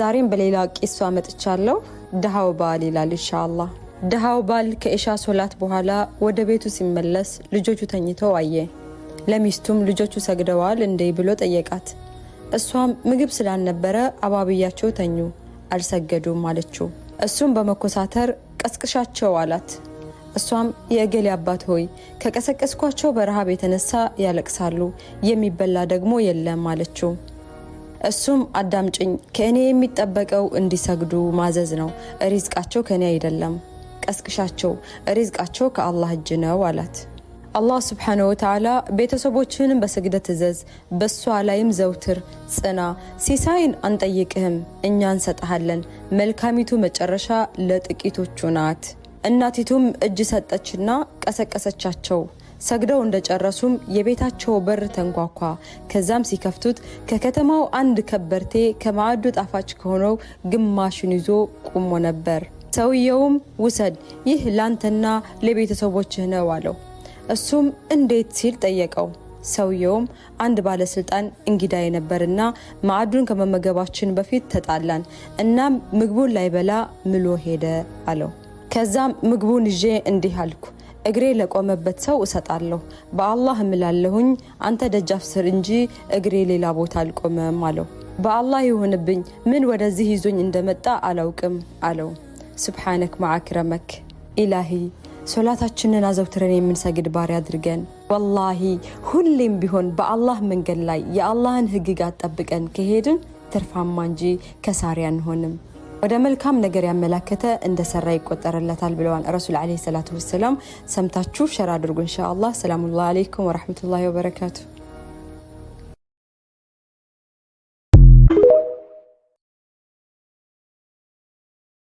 ዛሬም በሌላ ቂሷ መጥቻለሁ። ድሃው ባል ይላል። ኢንሻአላህ ድሃው ባል ከኢሻ ሶላት በኋላ ወደ ቤቱ ሲመለስ ልጆቹ ተኝተው አየ። ለሚስቱም ልጆቹ ሰግደዋል እንዴ ብሎ ጠየቃት። እሷም ምግብ ስላልነበረ አባብያቸው ተኙ፣ አልሰገዱም አለችው። እሱም በመኮሳተር ቀስቅሻቸው አላት። እሷም የእገሌ አባት ሆይ ከቀሰቀስኳቸው በረሃብ የተነሳ ያለቅሳሉ፣ የሚበላ ደግሞ የለም አለችው። እሱም አዳምጭኝ፣ ከእኔ የሚጠበቀው እንዲሰግዱ ማዘዝ ነው። ሪዝቃቸው ከእኔ አይደለም፣ ቀስቅሻቸው፣ ሪዝቃቸው ከአላህ እጅ ነው አላት። አላህ ስብሓነሁ ወተዓላ ቤተሰቦችህንም በስግደት እዘዝ፣ በእሷ ላይም ዘውትር ጽና። ሲሳይን አንጠይቅህም፣ እኛ እንሰጠሃለን። መልካሚቱ መጨረሻ ለጥቂቶቹ ናት። እናቲቱም እጅ ሰጠችና ቀሰቀሰቻቸው። ሰግደው እንደጨረሱም የቤታቸው በር ተንኳኳ። ከዛም ሲከፍቱት ከከተማው አንድ ከበርቴ ከማዕዱ ጣፋጭ ከሆነው ግማሹን ይዞ ቆሞ ነበር። ሰውየውም ውሰድ፣ ይህ ላንተና ለቤተሰቦችህ ነው አለው። እሱም እንዴት ሲል ጠየቀው። ሰውየውም አንድ ባለስልጣን እንግዳ የነበርና ማዕዱን ከመመገባችን በፊት ተጣላን፣ እናም ምግቡን ላይበላ ምሎ ሄደ አለው። ከዛም ምግቡን ይዤ እንዲህ አልኩ፣ እግሬ ለቆመበት ሰው እሰጣለሁ። በአላህ እምላለሁኝ አንተ ደጃፍ ስር እንጂ እግሬ ሌላ ቦታ አልቆመም አለው። በአላህ ይሁንብኝ ምን ወደዚህ ይዞኝ እንደመጣ አላውቅም አለው። ስብሓነክ ማዕክረመክ ኢላሂ ሶላታችንን አዘውትረን የምንሰግድ ባሪ አድርገን። ወላሂ ሁሌም ቢሆን በአላህ መንገድ ላይ የአላህን ሕግጋት ጠብቀን ከሄድን ትርፋማ እንጂ ከሳሪ አንሆንም። ወደ መልካም ነገር ያመላከተ እንደሰራ ይቆጠርለታል ብለዋል ረሱል ዓለይሂ ሰላቱ ወሰላም። ሰምታችሁ ሸር አድርጉ ኢንሻ አላህ። ሰላሙላህ አለይኩም ወረሕመቱላሂ ወበረካቱ።